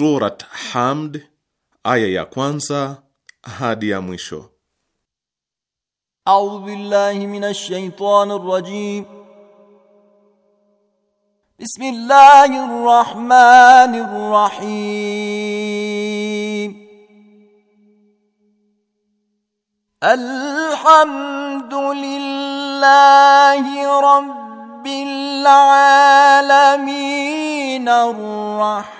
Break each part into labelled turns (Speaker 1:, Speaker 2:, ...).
Speaker 1: Surat Hamd, aya ya kwanza hadi ya mwisho.
Speaker 2: A'udhu billahi minash shaitanir rajim. Bismillahir rahmanir rahim. Alhamdulillahi rabbil alamin. Ar-rahman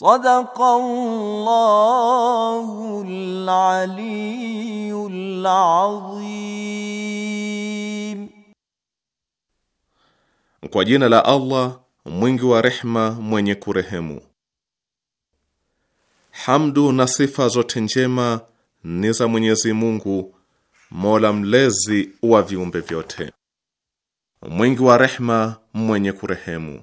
Speaker 2: Kwa
Speaker 1: jina la Allah mwingi wa rehma mwenye kurehemu. Hamdu na sifa zote njema ni za Mwenyezi Mungu Mola mlezi wa viumbe vyote, mwingi wa rehma mwenye kurehemu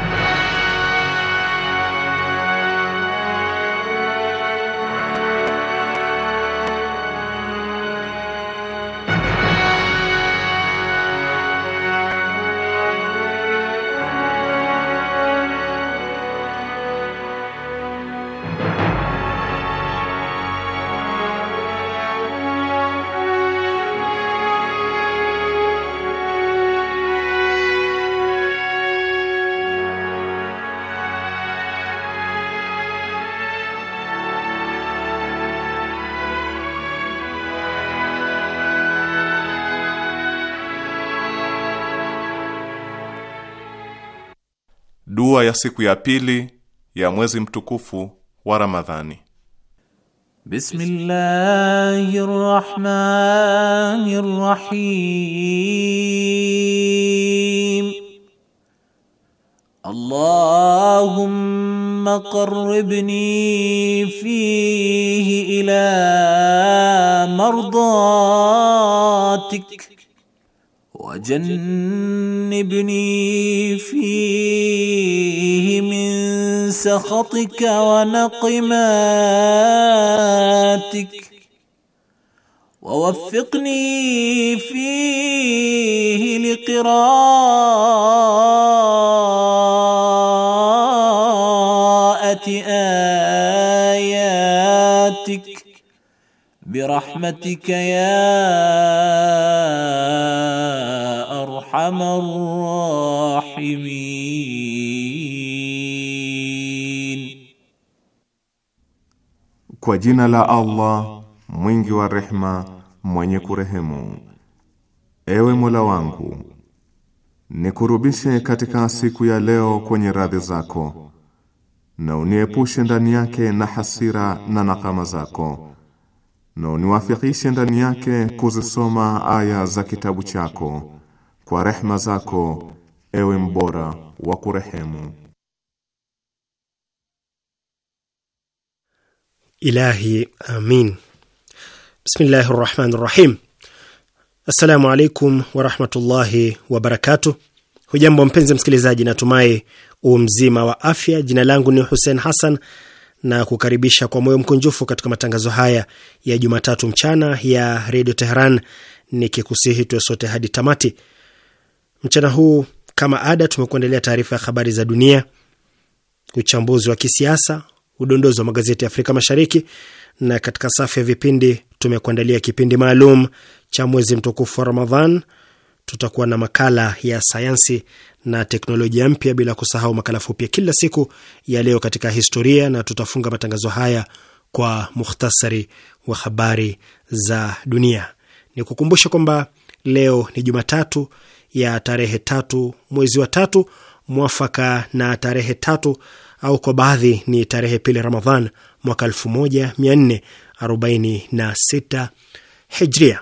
Speaker 1: ya siku ya pili ya mwezi mtukufu wa Ramadhani.
Speaker 2: Bismillahir Rahmanir Rahim. Allahumma qarribni fihi ila mardatik وجنبني فيه من سخطك ونقماتك ووفقني فيه لقراءة آياتك برحمتك يا arhamar rahimin.
Speaker 1: Kwa jina la Allah mwingi wa rehma mwenye kurehemu. Ewe Mola wangu, nikurubishe katika siku ya leo kwenye radhi zako na uniepushe ndani yake na hasira na nakama zako na uniwafikishe ndani yake kuzisoma aya za kitabu chako kwa rehma zako ewe mbora wa kurehemu.
Speaker 3: Ilahi, amin. Bismillahi Rahmanir Rahim. Assalamu alaikum warahmatullahi wabarakatuh. Hujambo mpenzi msikilizaji, natumai umzima wa afya. Jina langu ni Hussein Hassan na kukaribisha kwa moyo mkunjufu katika matangazo haya ya Jumatatu mchana ya Redio Teheran, nikikusihi tuwe sote hadi tamati. Mchana huu kama ada, tumekuandalia taarifa ya habari za dunia, uchambuzi wa kisiasa, udondozi wa magazeti ya Afrika Mashariki, na katika safu ya vipindi tumekuandalia kipindi maalum cha mwezi mtukufu wa Ramadhan. Tutakuwa na makala ya sayansi na teknolojia mpya, bila kusahau makala fupi ya kila siku ya leo katika historia, na tutafunga matangazo haya kwa mukhtasari wa habari za dunia. Ni kukumbusha kwamba leo ni Jumatatu ya tarehe tatu mwezi wa tatu mwafaka na tarehe tatu au kwa baadhi ni tarehe pili Ramadhan mwaka sita Hijria.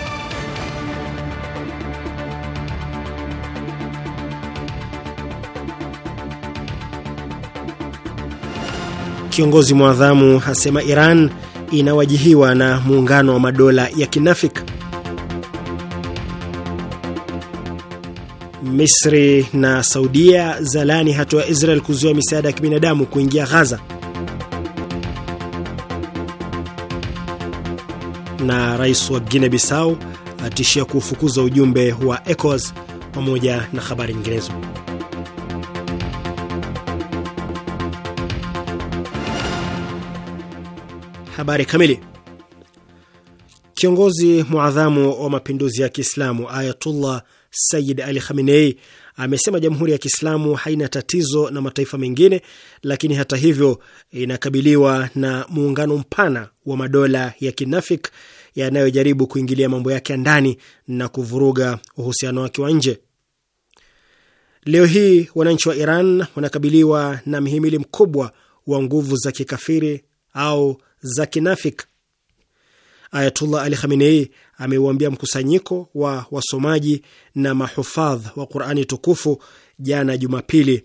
Speaker 3: Kiongozi mwadhamu asema Iran inawajihiwa na muungano wa madola ya kinafiki. Misri na Saudia zalani hatua ya Israel kuzuia misaada ya kibinadamu kuingia Ghaza. Na rais wa Guinea Bissau atishia kuufukuza ujumbe wa ECOWAS pamoja na habari nyinginezo. Habari kamili. Kiongozi mwadhamu wa mapinduzi ya Kiislamu Ayatullah Sayyid Ali Khamenei amesema Jamhuri ya Kiislamu haina tatizo na mataifa mengine, lakini hata hivyo inakabiliwa na muungano mpana wa madola ya kinafik yanayojaribu kuingilia mambo yake ya ndani na kuvuruga uhusiano wake wa nje. Leo hii wananchi wa Iran wanakabiliwa na mhimili mkubwa wa nguvu za kikafiri au za kinafik. Ayatullah Ali Khamenei ameuambia mkusanyiko wa wasomaji na mahufadh wa Qurani tukufu jana Jumapili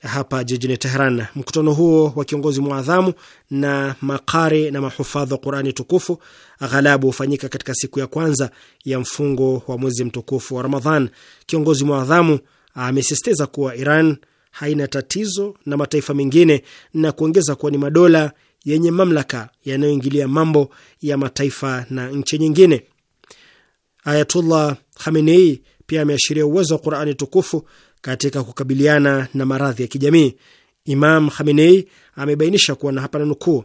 Speaker 3: hapa jijini Tehran. Mkutano huo wa kiongozi mwadhamu na makari na mahufadh wa Qurani tukufu aghalabu hufanyika katika siku ya kwanza ya mfungo wa mwezi mtukufu wa Ramadhan. Kiongozi mwadhamu amesisitiza kuwa Iran haina tatizo na mataifa mengine na kuongeza kuwa ni madola yenye mamlaka yanayoingilia mambo ya mataifa na nchi nyingine. Ayatullah Khamenei pia ameashiria uwezo wa Qurani tukufu katika kukabiliana na maradhi ya kijamii. Imam Khamenei amebainisha kuwa na hapa na nukuu,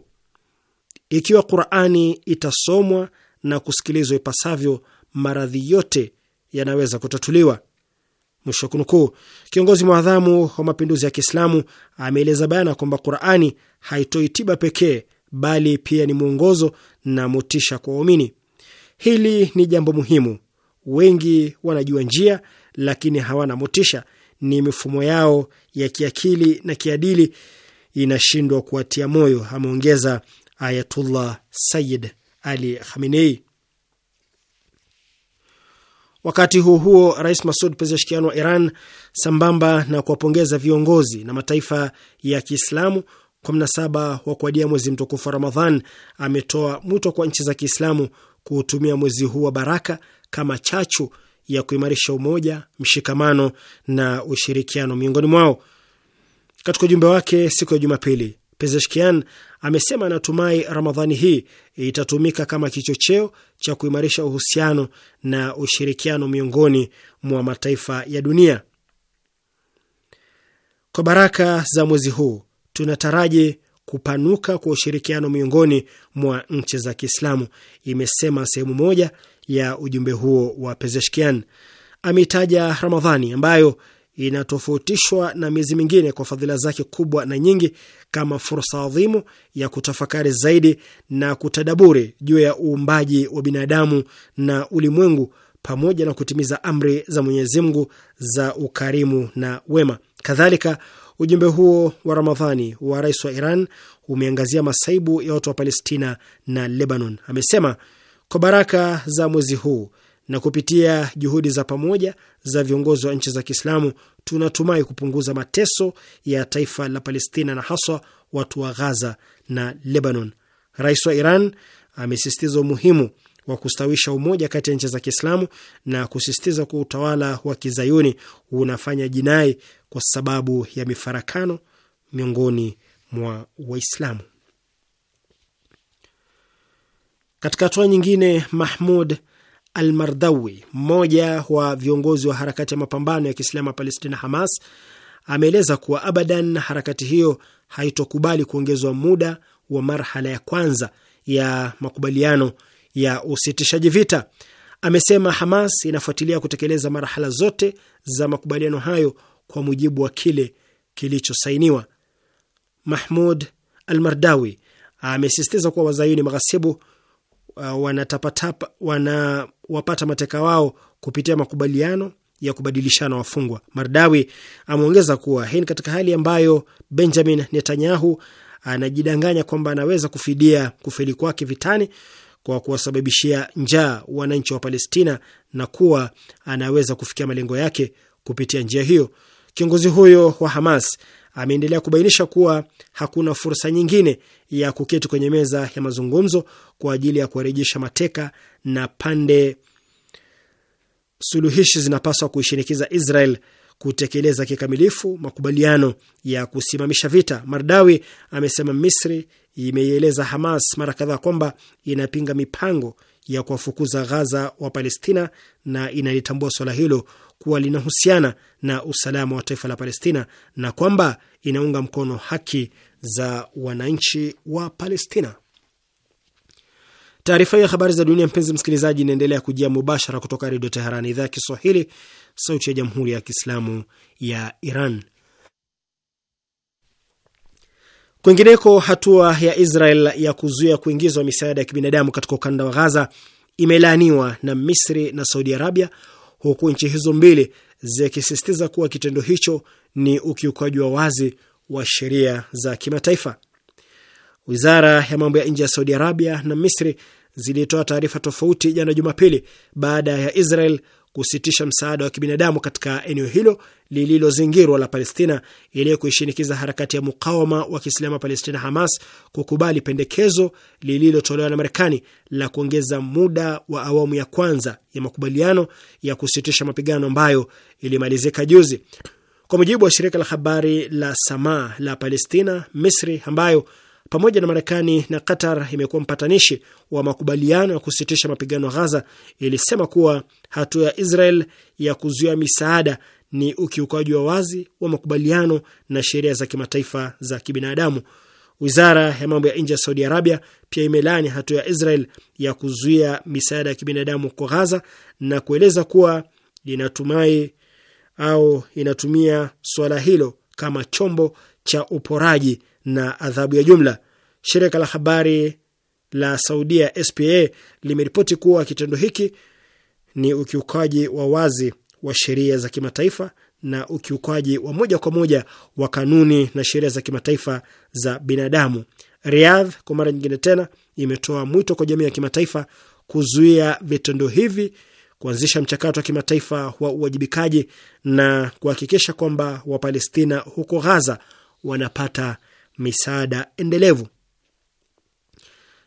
Speaker 3: ikiwa Qurani itasomwa na kusikilizwa ipasavyo, maradhi yote yanaweza kutatuliwa. Mwisho wa kunukuu. Kiongozi mwadhamu wa mapinduzi ya Kiislamu ameeleza bayana kwamba Qurani haitoi tiba pekee, bali pia ni mwongozo na motisha kwa waumini. Hili ni jambo muhimu. Wengi wanajua njia, lakini hawana motisha. Ni mifumo yao ya kiakili na kiadili inashindwa kuwatia moyo, ameongeza Ayatullah Sayyid Ali Khamenei. Wakati huo huo, Rais Masud Pezeshkian wa Iran, sambamba na kuwapongeza viongozi na mataifa ya Kiislamu kwa mnasaba wa kuadia mwezi mtukufu wa Ramadhan, ametoa mwito kwa nchi za Kiislamu kuutumia mwezi huu wa baraka kama chachu ya kuimarisha umoja, mshikamano na ushirikiano miongoni mwao. Katika ujumbe wake siku ya Jumapili, Pezeshkian amesema anatumai Ramadhani hii itatumika kama kichocheo cha kuimarisha uhusiano na ushirikiano miongoni mwa mataifa ya dunia. Kwa baraka za mwezi huu tunataraji kupanuka kwa ushirikiano miongoni mwa nchi za Kiislamu, imesema sehemu moja ya ujumbe huo wa Pezeshkian. Ameitaja Ramadhani ambayo inatofautishwa na miezi mingine kwa fadhila zake kubwa na nyingi kama fursa adhimu ya kutafakari zaidi na kutadaburi juu ya uumbaji wa binadamu na ulimwengu pamoja na kutimiza amri za Mwenyezi Mungu za ukarimu na wema. Kadhalika Ujumbe huo wa Ramadhani wa rais wa Iran umeangazia masaibu ya watu wa Palestina na Lebanon. Amesema kwa baraka za mwezi huu na kupitia juhudi za pamoja za viongozi wa nchi za Kiislamu tunatumai kupunguza mateso ya taifa la Palestina na haswa watu wa Ghaza na Lebanon. Rais wa Iran amesisitiza umuhimu wa kustawisha umoja kati ya nchi za Kiislamu na kusisitiza kuwa utawala wa kizayuni unafanya jinai kwa sababu ya mifarakano miongoni mwa Waislamu. Katika hatua nyingine, Mahmud Almardawi, mmoja wa viongozi wa harakati ya mapambano ya Kiislamu ya Palestina, Hamas, ameeleza kuwa abadan harakati hiyo haitokubali kuongezwa muda wa marhala ya kwanza ya makubaliano ya usitishaji vita. Amesema Hamas inafuatilia kutekeleza marhala zote za makubaliano hayo kwa mujibu wa kile kilichosainiwa. Mahmud Almardawi amesisitiza kuwa wazayuni maghasibu uh, wanatapatapa wanawapata mateka wao kupitia makubaliano ya kubadilishana wafungwa. Mardawi ameongeza kuwa hii ni katika hali ambayo Benjamin Netanyahu anajidanganya kwamba anaweza kufidia kufeli kwake vitani kwa kuwasababishia njaa wananchi wa Palestina na kuwa anaweza kufikia malengo yake kupitia njia hiyo. Kiongozi huyo wa Hamas ameendelea kubainisha kuwa hakuna fursa nyingine ya kuketi kwenye meza ya mazungumzo kwa ajili ya kuwarejesha mateka na pande suluhishi zinapaswa kuishinikiza Israel kutekeleza kikamilifu makubaliano ya kusimamisha vita. Mardawi amesema Misri imeieleza Hamas mara kadhaa kwamba inapinga mipango ya kuwafukuza Ghaza wa Palestina na inalitambua swala hilo kuwa linahusiana na usalama wa taifa la Palestina na kwamba inaunga mkono haki za wananchi wa Palestina. Taarifa hiyo ya habari za dunia, mpenzi msikilizaji, inaendelea kujia mubashara kutoka Redio Teheran, idhaa ya Kiswahili, sauti ya Jamhuri ya Kiislamu ya Iran. Kwingineko, hatua ya Israel ya kuzuia kuingizwa misaada ya kibinadamu katika ukanda wa Ghaza imelaaniwa na Misri na Saudi Arabia, huku nchi hizo mbili zikisisitiza kuwa kitendo hicho ni ukiukaji wa wazi wa sheria za kimataifa. Wizara ya mambo ya nje ya Saudi Arabia na Misri zilitoa taarifa tofauti jana Jumapili baada ya Israel kusitisha msaada wa kibinadamu katika eneo hilo lililozingirwa la Palestina ili kuishinikiza harakati ya mukawama wa Kiislamu Palestina Hamas kukubali pendekezo lililotolewa na Marekani la kuongeza muda wa awamu ya kwanza ya makubaliano ya kusitisha mapigano ambayo ilimalizika juzi. Kwa mujibu wa shirika la habari la Samaa la Palestina, Misri ambayo pamoja na Marekani na Qatar imekuwa mpatanishi wa makubaliano ya kusitisha mapigano Ghaza, ilisema kuwa hatua ya Israel ya kuzuia misaada ni ukiukaji wa wazi wa makubaliano na sheria za kimataifa za kibinadamu. Wizara ya mambo ya nje ya Saudi Arabia pia imelaani hatua ya Israel ya kuzuia misaada ya kibinadamu kwa Ghaza na kueleza kuwa inatumai au inatumia suala hilo kama chombo cha uporaji na adhabu ya jumla. Shirika la habari la Saudia SPA limeripoti kuwa kitendo hiki ni ukiukaji wa wazi wa sheria za kimataifa na ukiukwaji wa moja kwa moja wa kanuni na sheria za kimataifa za binadamu. Riyadh kwa mara nyingine tena imetoa mwito kwa jamii ya kimataifa kuzuia vitendo hivi, kuanzisha mchakato wa kimataifa wa uwajibikaji na kuhakikisha kwamba Wapalestina huko Ghaza wanapata misaada endelevu.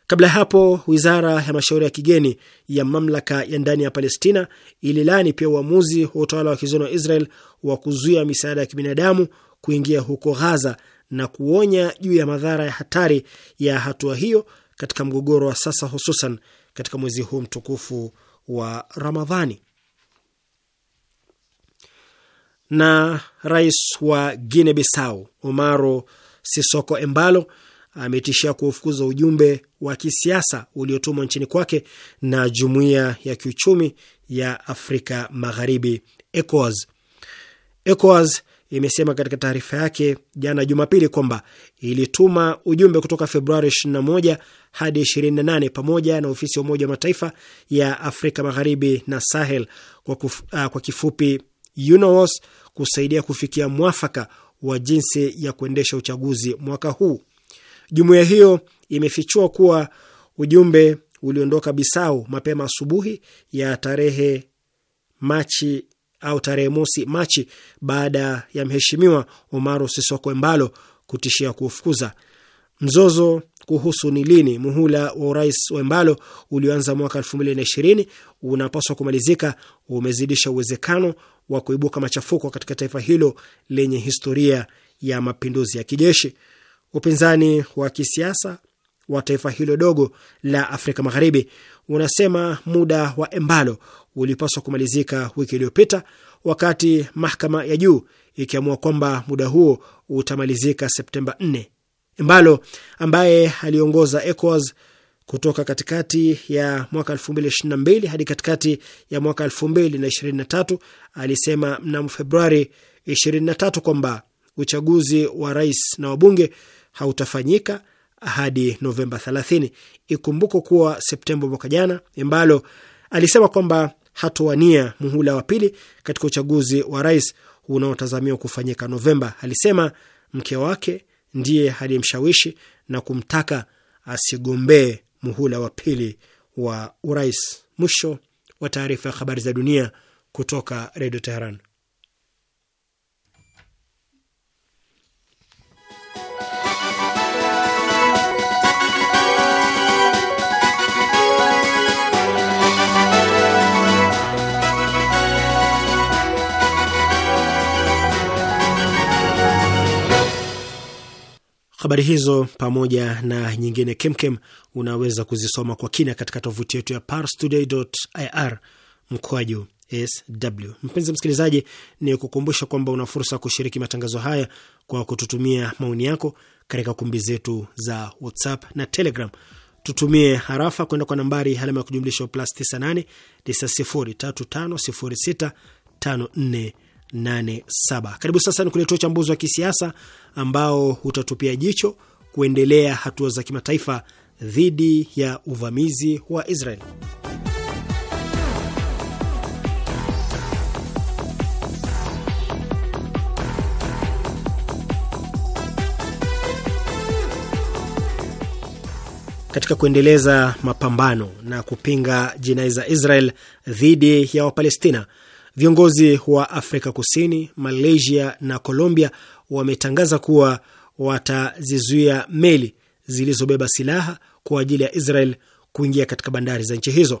Speaker 3: Kabla ya hapo, wizara ya mashauri ya kigeni ya mamlaka ya ndani ya Palestina ililaani pia uamuzi wa utawala wa kizoni wa Israel wa kuzuia misaada ya kibinadamu kuingia huko Ghaza na kuonya juu ya madhara ya hatari ya hatua hiyo katika mgogoro wa sasa, hususan katika mwezi huu mtukufu wa Ramadhani. Na rais wa Guinea Bissau omaro Sisoko Embalo ametishia kuufukuza ujumbe wa kisiasa uliotumwa nchini kwake na jumuiya ya kiuchumi ya Afrika Magharibi, ECOWAS. ECOWAS imesema katika taarifa yake jana Jumapili kwamba ilituma ujumbe kutoka Februari 21 hadi 28 pamoja na ofisi ya Umoja wa Mataifa ya Afrika Magharibi na Sahel kwa, kuf, uh, kwa kifupi UNOWAS kusaidia kufikia mwafaka wa jinsi ya kuendesha uchaguzi mwaka huu. Jumuiya hiyo imefichua kuwa ujumbe uliondoka Bisau mapema asubuhi ya tarehe Machi au tarehe mosi Machi baada ya mheshimiwa Umaru Sisoko Embalo kutishia kuufukuza. Mzozo kuhusu ni lini muhula wa urais wa Embalo ulioanza mwaka elfu mbili na ishirini unapaswa kumalizika umezidisha uwezekano wa kuibuka machafuko katika taifa hilo lenye historia ya mapinduzi ya kijeshi. Upinzani wa kisiasa wa taifa hilo dogo la Afrika Magharibi unasema muda wa Embalo ulipaswa kumalizika wiki iliyopita, wakati mahakama ya juu ikiamua kwamba muda huo utamalizika Septemba 4. Embalo ambaye aliongoza ECOWAS kutoka katikati ya mwaka 2022 hadi katikati ya mwaka 2023 alisema mnamo Februari 23 kwamba uchaguzi wa rais na wabunge hautafanyika hadi Novemba 30. Ikumbuko kuwa Septemba mwaka jana Embalo alisema kwamba hatowania muhula wa pili katika uchaguzi wa rais unaotazamiwa kufanyika Novemba. Alisema mke wake ndiye aliyemshawishi na kumtaka asigombee muhula wa pili wa urais. Mwisho wa taarifa ya habari za dunia kutoka Redio Teheran. Habari hizo pamoja na nyingine kemkem unaweza kuzisoma kwa kina katika tovuti yetu ya parstoday.ir mkwaju sw. Mpenzi msikilizaji, ni kukumbusha kwamba una fursa ya kushiriki matangazo haya kwa kututumia maoni yako katika kumbi zetu za WhatsApp na Telegram. Tutumie harafa kwenda kwa nambari alama ya kujumlisha plus 98 903 506 54 87. Karibu sasa ni kuletea uchambuzi wa kisiasa ambao utatupia jicho kuendelea hatua za kimataifa dhidi ya uvamizi wa Israel. Katika kuendeleza mapambano na kupinga jinai za Israel dhidi ya Wapalestina, Viongozi wa Afrika Kusini, Malaysia na Colombia wametangaza kuwa watazizuia meli zilizobeba silaha kwa ajili ya Israel kuingia katika bandari za nchi hizo.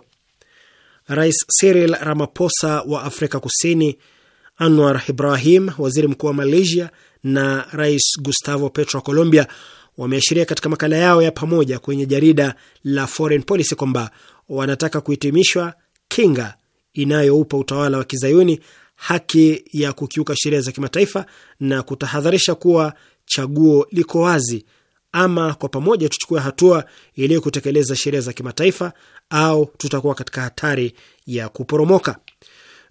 Speaker 3: Rais Cyril Ramaphosa wa Afrika Kusini, Anwar Ibrahim waziri mkuu wa Malaysia na Rais Gustavo Petro wa Colombia wameashiria katika makala yao ya pamoja kwenye jarida la Foreign Policy kwamba wanataka kuhitimishwa kinga inayoupa utawala wa kizayuni haki ya kukiuka sheria za kimataifa na kutahadharisha kuwa chaguo liko wazi: ama kwa pamoja tuchukue hatua ili kutekeleza sheria za kimataifa au tutakuwa katika hatari ya kuporomoka.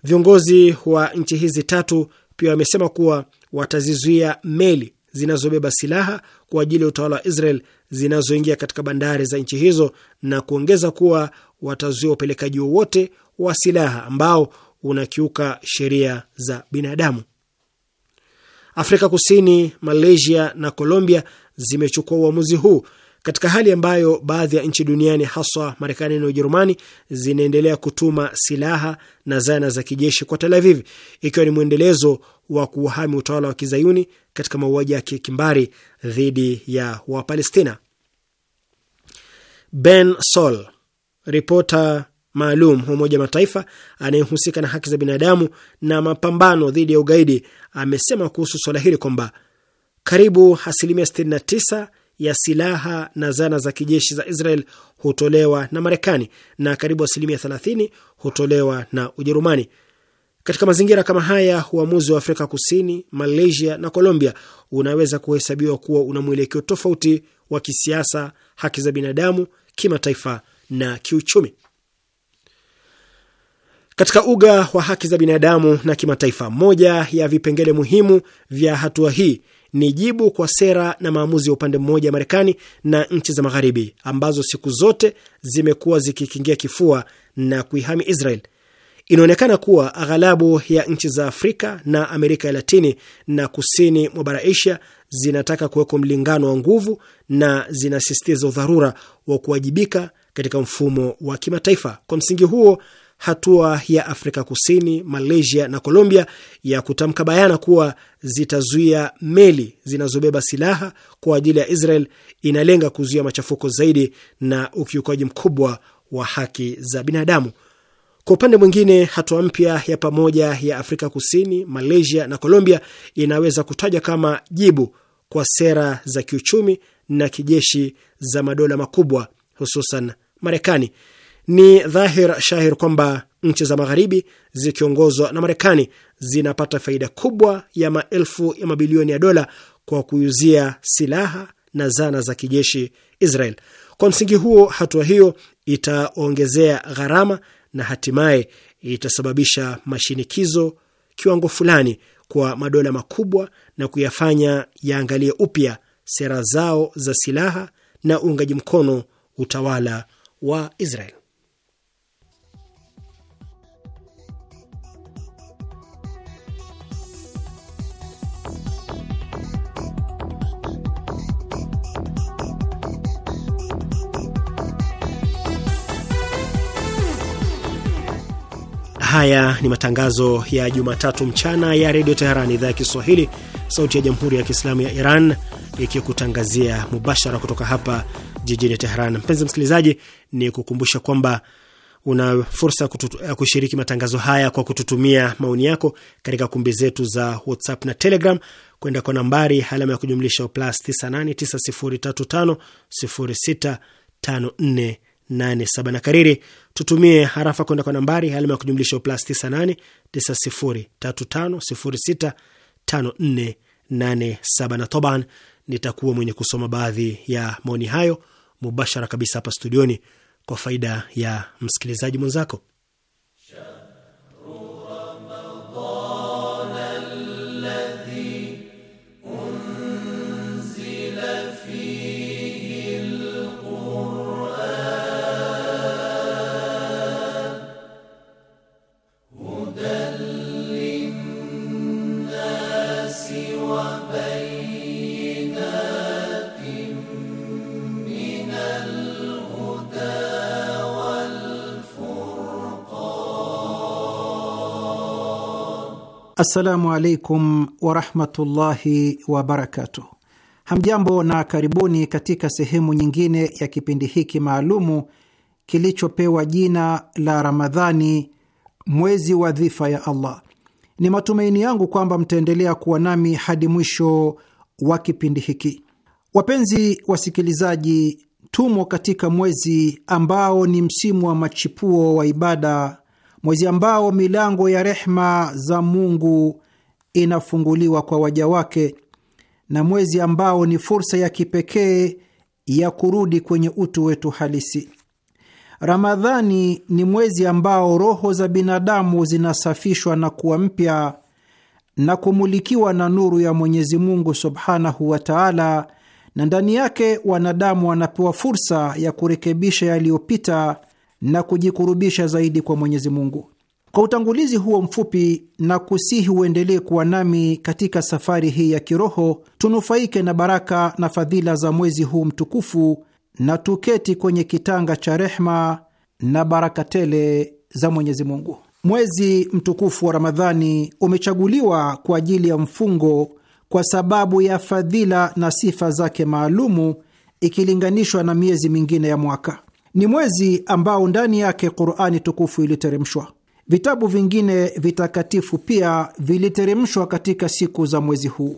Speaker 3: Viongozi wa nchi hizi tatu pia wamesema kuwa watazizuia meli zinazobeba silaha kwa ajili ya utawala wa Israel zinazoingia katika bandari za nchi hizo na kuongeza kuwa watazuia upelekaji wowote wa silaha ambao unakiuka sheria za binadamu. Afrika Kusini, Malaysia na Colombia zimechukua uamuzi huu katika hali ambayo baadhi ya nchi duniani haswa Marekani na Ujerumani zinaendelea kutuma silaha na zana za kijeshi kwa Tel Aviv, ikiwa ni mwendelezo wa kuuhami utawala wa kizayuni katika mauaji ya kikimbari dhidi ya Wapalestina. Ben Sol, ripota maalum wa Umoja Mataifa anayehusika na haki za binadamu na mapambano dhidi ya ugaidi amesema kuhusu swala hili kwamba karibu asilimia 69 ya silaha na zana za kijeshi za Israel hutolewa na Marekani na karibu asilimia 30 hutolewa na Ujerumani. Katika mazingira kama haya, uamuzi wa Afrika Kusini, Malaysia na Colombia unaweza kuhesabiwa kuwa una mwelekeo tofauti wa kisiasa, haki za binadamu, kimataifa na kiuchumi. Katika uga wa haki za binadamu na kimataifa, moja ya vipengele muhimu vya hatua hii ni jibu kwa sera na maamuzi ya upande mmoja ya Marekani na nchi za Magharibi ambazo siku zote zimekuwa zikikingia kifua na kuihami Israel. Inaonekana kuwa aghalabu ya nchi za Afrika na Amerika ya Latini na kusini mwa bara Asia zinataka kuwekwa mlingano wa nguvu na zinasisitiza udharura wa kuwajibika katika mfumo wa kimataifa. Kwa msingi huo hatua ya Afrika Kusini, Malaysia na Colombia ya kutamka bayana kuwa zitazuia meli zinazobeba silaha kwa ajili ya Israel inalenga kuzuia machafuko zaidi na ukiukaji mkubwa wa haki za binadamu. Kwa upande mwingine, hatua mpya ya pamoja ya Afrika Kusini, Malaysia na Colombia inaweza kutaja kama jibu kwa sera za kiuchumi na kijeshi za madola makubwa hususan Marekani. Ni dhahir shahir kwamba nchi za magharibi zikiongozwa na Marekani zinapata faida kubwa ya maelfu ya mabilioni ya dola kwa kuiuzia silaha na zana za kijeshi Israel. Kwa msingi huo, hatua hiyo itaongezea gharama na hatimaye itasababisha mashinikizo kiwango fulani kwa madola makubwa na kuyafanya yaangalie upya sera zao za silaha na uungaji mkono utawala wa Israel. Haya ni matangazo ya Jumatatu mchana ya Redio Teheran, idhaa ya Kiswahili, sauti ya Jamhuri ya Kiislamu ya Iran, ikikutangazia mubashara kutoka hapa jijini Teheran. Mpenzi msikilizaji, ni kukumbusha kwamba una fursa ya kushiriki matangazo haya kwa kututumia maoni yako katika kumbi zetu za WhatsApp na Telegram kwenda kwa nambari alama ya kujumlisha plus 9890350654 87 na kariri, tutumie harafa kwenda kwa nambari alama ya kujumlisha plus 98 9035065487 na toban, nitakuwa mwenye kusoma baadhi ya maoni hayo mubashara kabisa hapa studioni kwa faida ya msikilizaji mwenzako.
Speaker 4: Assalamu alaikum warahmatullahi wabarakatuh. Hamjambo na karibuni katika sehemu nyingine ya kipindi hiki maalumu kilichopewa jina la Ramadhani, mwezi wa dhifa ya Allah. Ni matumaini yangu kwamba mtaendelea kuwa nami hadi mwisho wa kipindi hiki. Wapenzi wasikilizaji, tumo katika mwezi ambao ni msimu wa machipuo wa ibada, mwezi ambao milango ya rehma za Mungu inafunguliwa kwa waja wake, na mwezi ambao ni fursa ya kipekee ya kurudi kwenye utu wetu halisi. Ramadhani ni mwezi ambao roho za binadamu zinasafishwa na kuwa mpya na kumulikiwa na nuru ya Mwenyezi Mungu subhanahu wa taala, na ndani yake wanadamu wanapewa fursa ya kurekebisha yaliyopita na kujikurubisha zaidi kwa Mwenyezi Mungu. Kwa utangulizi huo mfupi, na kusihi uendelee kuwa nami katika safari hii ya kiroho, tunufaike na baraka na fadhila za mwezi huu mtukufu na tuketi kwenye kitanga cha rehma na baraka tele za Mwenyezi Mungu. Mwezi mtukufu wa Ramadhani umechaguliwa kwa ajili ya mfungo kwa sababu ya fadhila na sifa zake maalumu ikilinganishwa na miezi mingine ya mwaka. Ni mwezi ambao ndani yake Qur'ani tukufu iliteremshwa. Vitabu vingine vitakatifu pia viliteremshwa katika siku za mwezi huu.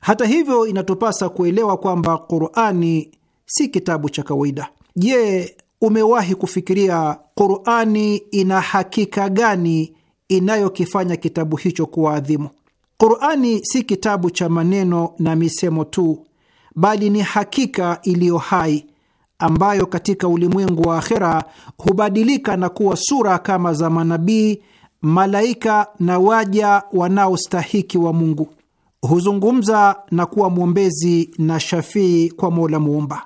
Speaker 4: Hata hivyo, inatupasa kuelewa kwamba Qur'ani si kitabu cha kawaida. Je, umewahi kufikiria Qurani ina hakika gani inayokifanya kitabu hicho kuwa adhimu? Qurani si kitabu cha maneno na misemo tu, bali ni hakika iliyo hai ambayo katika ulimwengu wa akhera hubadilika na kuwa sura kama za manabii, malaika na waja wanaostahiki wa Mungu. Huzungumza na kuwa mwombezi na shafii kwa Mola Muumba.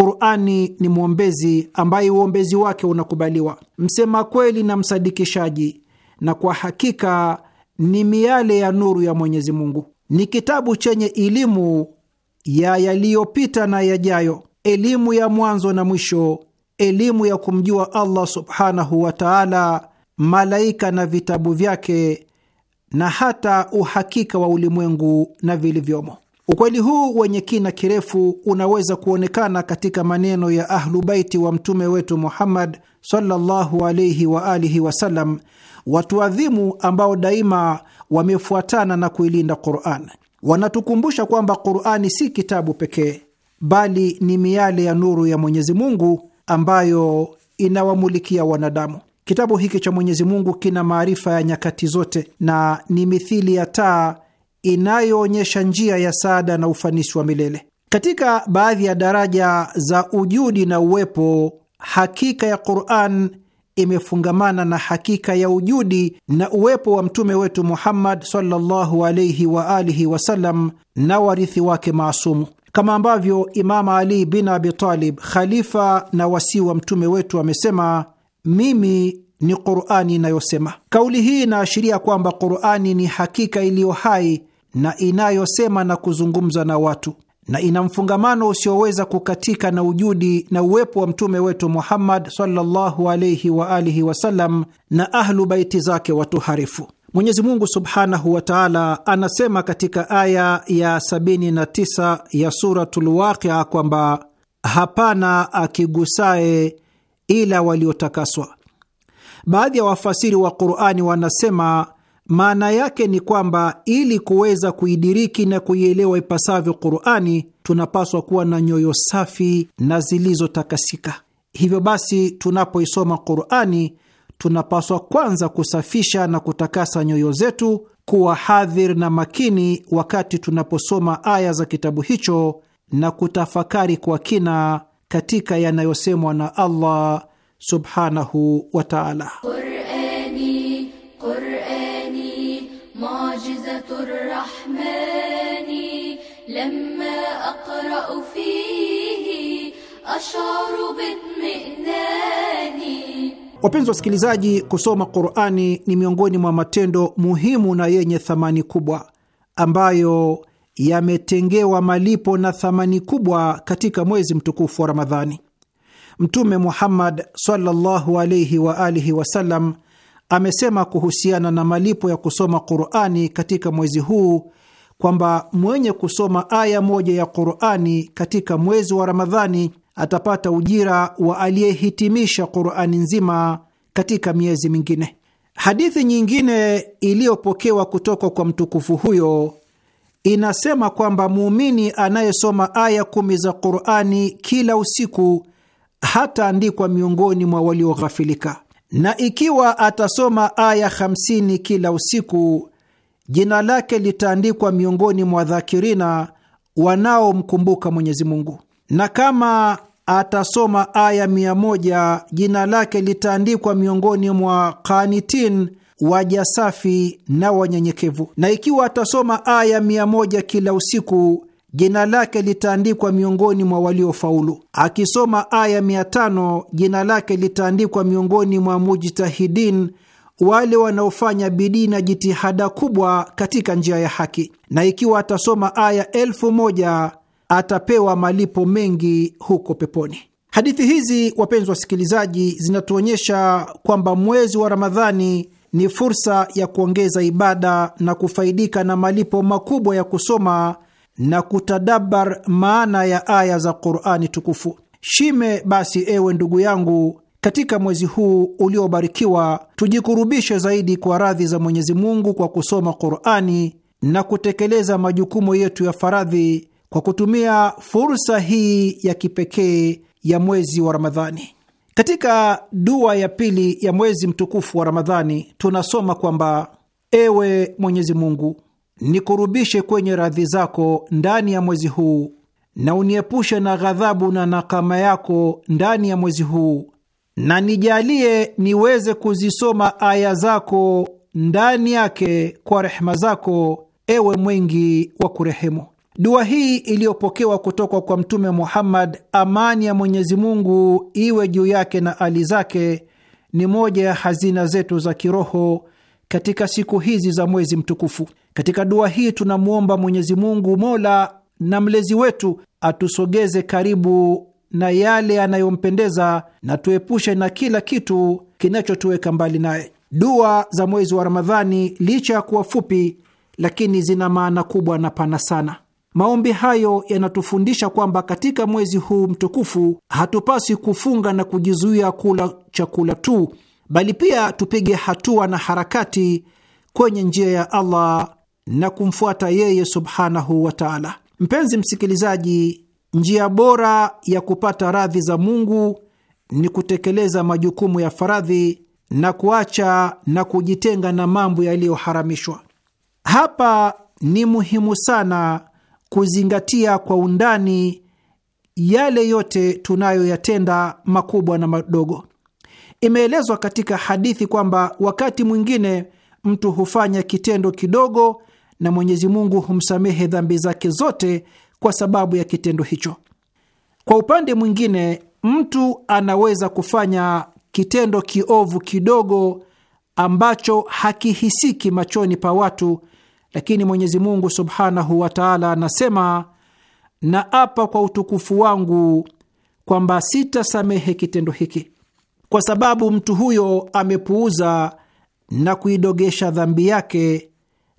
Speaker 4: Qurani ni mwombezi ambaye uombezi wake unakubaliwa, msema kweli na msadikishaji, na kwa hakika ni miale ya nuru ya Mwenyezi Mungu. Ni kitabu chenye elimu ya yaliyopita na yajayo, elimu ya mwanzo na mwisho, elimu ya kumjua Allah subhanahu wa taala, malaika na vitabu vyake, na hata uhakika wa ulimwengu na vilivyomo. Ukweli huu wenye kina kirefu unaweza kuonekana katika maneno ya Ahlu Baiti wa mtume wetu Muhammad sallallahu alaihi wa alihi wasallam, watu adhimu ambao daima wamefuatana na kuilinda Quran. Wanatukumbusha kwamba Qurani si kitabu pekee, bali ni miale ya nuru ya Mwenyezi Mungu ambayo inawamulikia wanadamu. Kitabu hiki cha Mwenyezi Mungu kina maarifa ya nyakati zote na ni mithili ya taa inayoonyesha njia ya saada na ufanisi wa milele. Katika baadhi ya daraja za ujudi na uwepo, hakika ya Quran imefungamana na hakika ya ujudi na uwepo wa mtume wetu Muhammad sallallahu wa alihi wasallam na warithi wake maasumu kama ambavyo Imama Ali bin Abitalib, khalifa na wasii wa mtume wetu, amesema mimi ni Qurani inayosema. Kauli hii inaashiria kwamba Qurani ni hakika iliyo hai na inayosema na kuzungumza na watu na ina mfungamano usioweza kukatika na ujudi na uwepo wa mtume wetu Muhammad sallallahu alayhi wa alihi wasallam na ahlu baiti zake watuharifu. Mwenyezi Mungu subhanahu wa taala anasema katika aya ya 79 ya Suratul Waqia kwamba hapana akigusaye ila waliotakaswa. Baadhi ya wafasiri wa Qurani wanasema maana yake ni kwamba ili kuweza kuidiriki na kuielewa ipasavyo Qurani, tunapaswa kuwa na nyoyo safi na zilizotakasika. Hivyo basi, tunapoisoma Qurani tunapaswa kwanza kusafisha na kutakasa nyoyo zetu, kuwa hadhir na makini wakati tunaposoma aya za kitabu hicho na kutafakari kwa kina katika yanayosemwa na Allah subhanahu wa taala. Wapenzi wasikilizaji, kusoma Qurani ni miongoni mwa matendo muhimu na yenye thamani kubwa ambayo yametengewa malipo na thamani kubwa katika mwezi mtukufu wa Ramadhani. Mtume Muhammad sallallahu alayhi wa alihi wasallam amesema kuhusiana na malipo ya kusoma Qurani katika mwezi huu kwamba mwenye kusoma aya moja ya Qurani katika mwezi wa Ramadhani atapata ujira wa aliyehitimisha Qurani nzima katika miezi mingine. Hadithi nyingine iliyopokewa kutoka kwa mtukufu huyo inasema kwamba muumini anayesoma aya kumi za Qurani kila usiku hataandikwa miongoni mwa walioghafilika, na ikiwa atasoma aya 50 kila usiku, jina lake litaandikwa miongoni mwa dhakirina wanaomkumbuka Mwenyezi Mungu. Na kama atasoma aya mia moja, jina lake litaandikwa miongoni mwa kanitin waja safi na wanyenyekevu. Na ikiwa atasoma aya mia moja kila usiku, jina lake litaandikwa miongoni mwa waliofaulu. Akisoma aya mia tano, jina lake litaandikwa miongoni mwa mujtahidin, wale wanaofanya bidii na jitihada kubwa katika njia ya haki. Na ikiwa atasoma aya elfu moja atapewa malipo mengi huko peponi. Hadithi hizi, wapenzi wasikilizaji, zinatuonyesha kwamba mwezi wa Ramadhani ni fursa ya kuongeza ibada na kufaidika na malipo makubwa ya kusoma na kutadabar maana ya aya za Qur'ani tukufu. Shime basi, ewe ndugu yangu, katika mwezi huu uliobarikiwa, tujikurubishe zaidi kwa radhi za Mwenyezi Mungu kwa kusoma Qur'ani na kutekeleza majukumu yetu ya faradhi kwa kutumia fursa hii ya kipekee ya mwezi wa Ramadhani. Katika dua ya pili ya mwezi mtukufu wa Ramadhani tunasoma kwamba ewe Mwenyezi Mungu, nikurubishe kwenye radhi zako ndani ya mwezi huu na uniepushe na ghadhabu na nakama yako ndani ya mwezi huu, na nijalie niweze kuzisoma aya zako ndani yake kwa rehema zako, ewe mwingi wa kurehemu. Dua hii iliyopokewa kutoka kwa Mtume Muhammad, amani ya Mwenyezi Mungu iwe juu yake na ali zake, ni moja ya hazina zetu za kiroho katika siku hizi za mwezi mtukufu. Katika dua hii tunamwomba Mwenyezi Mungu, mola na mlezi wetu, atusogeze karibu na yale yanayompendeza na tuepushe na kila kitu kinachotuweka mbali naye. Dua za mwezi wa Ramadhani, licha ya kuwa fupi, lakini zina maana kubwa na pana sana. Maombi hayo yanatufundisha kwamba katika mwezi huu mtukufu hatupaswi kufunga na kujizuia kula chakula tu, bali pia tupige hatua na harakati kwenye njia ya Allah na kumfuata yeye subhanahu wa taala. Mpenzi msikilizaji, njia bora ya kupata radhi za Mungu ni kutekeleza majukumu ya faradhi na kuacha na kujitenga na mambo yaliyoharamishwa. Hapa ni muhimu sana kuzingatia kwa undani yale yote tunayoyatenda makubwa na madogo. Imeelezwa katika hadithi kwamba wakati mwingine mtu hufanya kitendo kidogo na Mwenyezi Mungu humsamehe dhambi zake zote kwa sababu ya kitendo hicho. Kwa upande mwingine, mtu anaweza kufanya kitendo kiovu kidogo ambacho hakihisiki machoni pa watu lakini Mwenyezi Mungu subhanahu wa taala anasema, na apa kwa utukufu wangu kwamba sitasamehe kitendo hiki, kwa sababu mtu huyo amepuuza na kuidogesha dhambi yake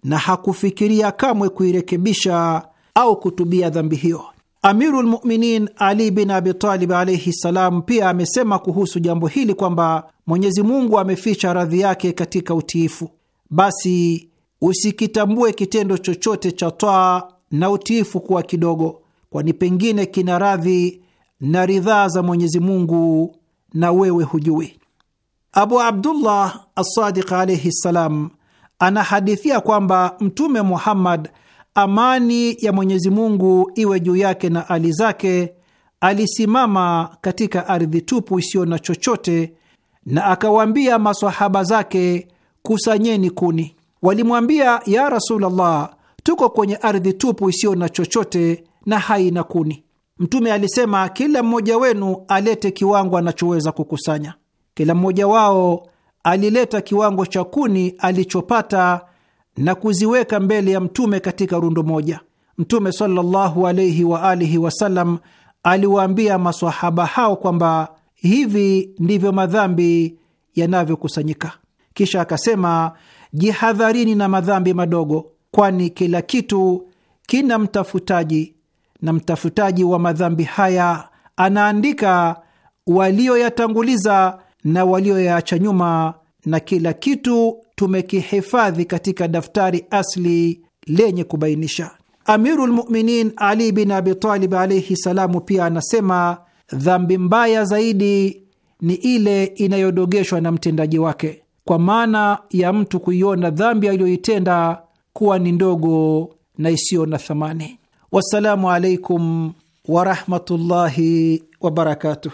Speaker 4: na hakufikiria kamwe kuirekebisha au kutubia dhambi hiyo. Amirul Muminin Ali bin Abitalib alaihi ssalam pia amesema kuhusu jambo hili kwamba Mwenyezi Mungu ameficha radhi yake katika utiifu, basi Usikitambue kitendo chochote cha twaa na utiifu kuwa kidogo, kwani pengine kina radhi na ridhaa za Mwenyezi Mungu na wewe hujui. Abu Abdullah Assadiq alaihi ssalam anahadithia kwamba Mtume Muhammad, amani ya Mwenyezi Mungu iwe juu yake na ali zake, alisimama katika ardhi tupu isiyo na chochote, na akawaambia masahaba zake, kusanyeni kuni Walimwambia, ya Rasulullah, tuko kwenye ardhi tupu isiyo na chochote na haina kuni. Mtume alisema, kila mmoja wenu alete kiwango anachoweza kukusanya. Kila mmoja wao alileta kiwango cha kuni alichopata na kuziweka mbele ya Mtume katika rundo moja. Mtume sallallahu wa alihi wasallam aliwaambia masahaba hao kwamba hivi ndivyo madhambi yanavyokusanyika. Kisha akasema jihadharini na madhambi madogo, kwani kila kitu kina mtafutaji, na mtafutaji wa madhambi haya anaandika walioyatanguliza na walioyaacha nyuma, na kila kitu tumekihifadhi katika daftari asli lenye kubainisha. Amiru lmuminin Ali bin Abitalib alaihi salamu pia anasema dhambi mbaya zaidi ni ile inayodogeshwa na mtendaji wake kwa maana ya mtu kuiona dhambi aliyoitenda kuwa ni ndogo na isiyo na thamani. Wassalamu alaikum warahmatullahi wabarakatuh.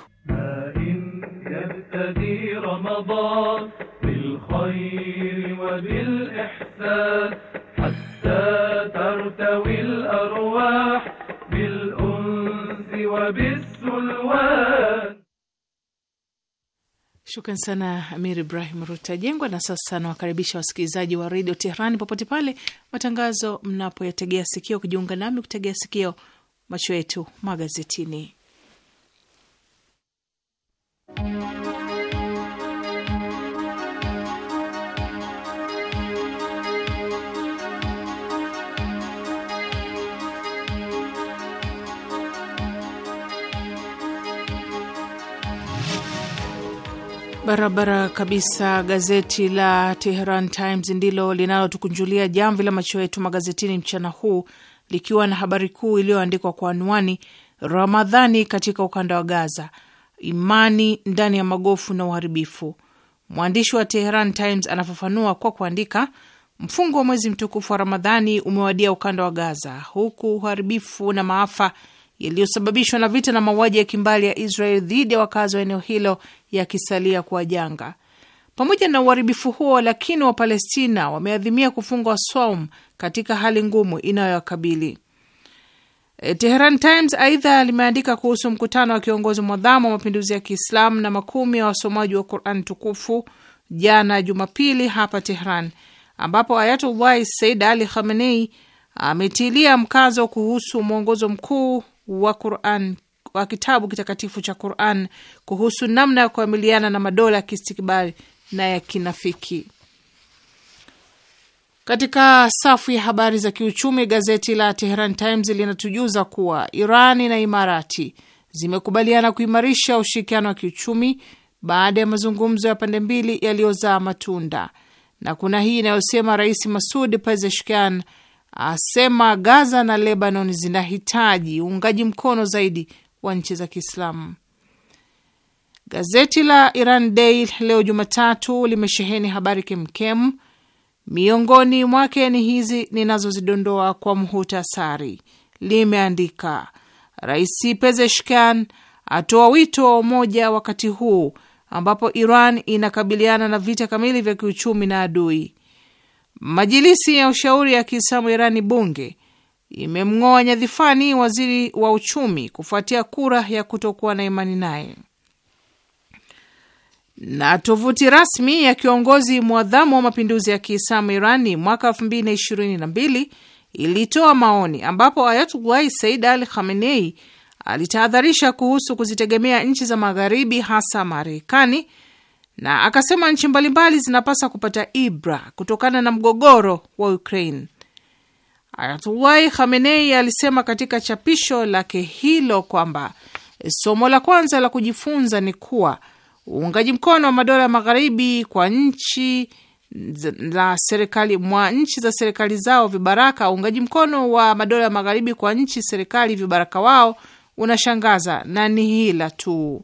Speaker 5: Shukran sana Amir Ibrahim Rutajengwa. Na sasa nawakaribisha wasikilizaji wa redio tehrani popote pale matangazo mnapoyategea sikio, kujiunga nami kutegea sikio macho yetu magazetini. Barabara kabisa. Gazeti la Teheran Times ndilo linalotukunjulia jamvi la macho yetu magazetini mchana huu likiwa na habari kuu iliyoandikwa kwa anwani Ramadhani katika ukanda wa Gaza, imani ndani ya magofu na uharibifu. Mwandishi wa Teheran Times anafafanua kwa kuandika, mfungo wa mwezi mtukufu wa Ramadhani umewadia ukanda wa Gaza, huku uharibifu na maafa yaliyosababishwa na vita na mauaji ya kimbali ya Israel dhidi ya wakazi wa eneo hilo yakisalia kuwa janga. Pamoja na uharibifu huo, lakini Wapalestina wameadhimia kufungwa swaum katika hali ngumu inayowakabili. E, teheran Times aidha limeandika kuhusu mkutano wa kiongozi mwadhamu wa mapinduzi ya Kiislamu na makumi ya wasomaji wa Quran tukufu jana Jumapili hapa teheran ambapo Ayatullah Said Ali Khamenei ametilia mkazo kuhusu mwongozo mkuu wa Quran wa kitabu kitakatifu cha Quran kuhusu namna ya kuamiliana na madola ya kiistikbari na ya kinafiki. Katika safu ya habari za kiuchumi, gazeti la Tehran Times linatujuza kuwa Irani na Imarati zimekubaliana kuimarisha ushirikiano wa kiuchumi baada ya mazungumzo ya pande mbili yaliyozaa matunda, na kuna hii inayosema Rais Masud Pezeshkian asema Gaza na Lebanon zinahitaji uungaji mkono zaidi wa nchi za Kiislamu. Gazeti la Iran Daily leo Jumatatu limesheheni habari kemkem, miongoni mwake ni hizi ninazozidondoa kwa sari Limeandika Rais pezeshkan atoa wito wa umoja wakati huu ambapo Iran inakabiliana na vita kamili vya kiuchumi na adui. Majilisi ya ushauri ya Kiislamu Irani bunge imemng'oa nyadhifani waziri wa uchumi kufuatia kura ya kutokuwa na imani naye. Na tovuti rasmi ya kiongozi mwadhamu wa mapinduzi ya Kiislamu Irani mwaka mbili ilitoa maoni ambapo Ayatullah Said al Khamenei alitahadharisha kuhusu kuzitegemea nchi za Magharibi, hasa Marekani, na akasema nchi mbalimbali zinapaswa kupata ibra kutokana na mgogoro wa Ukraine. Ayatullah Khamenei alisema katika chapisho lake hilo kwamba somo la kwanza la kujifunza ni kuwa uungaji mkono wa madola ya magharibi kwa nchi za serikali mwa nchi za serikali zao vibaraka, uungaji mkono wa madola ya magharibi kwa nchi serikali vibaraka wao unashangaza na ni hila tu.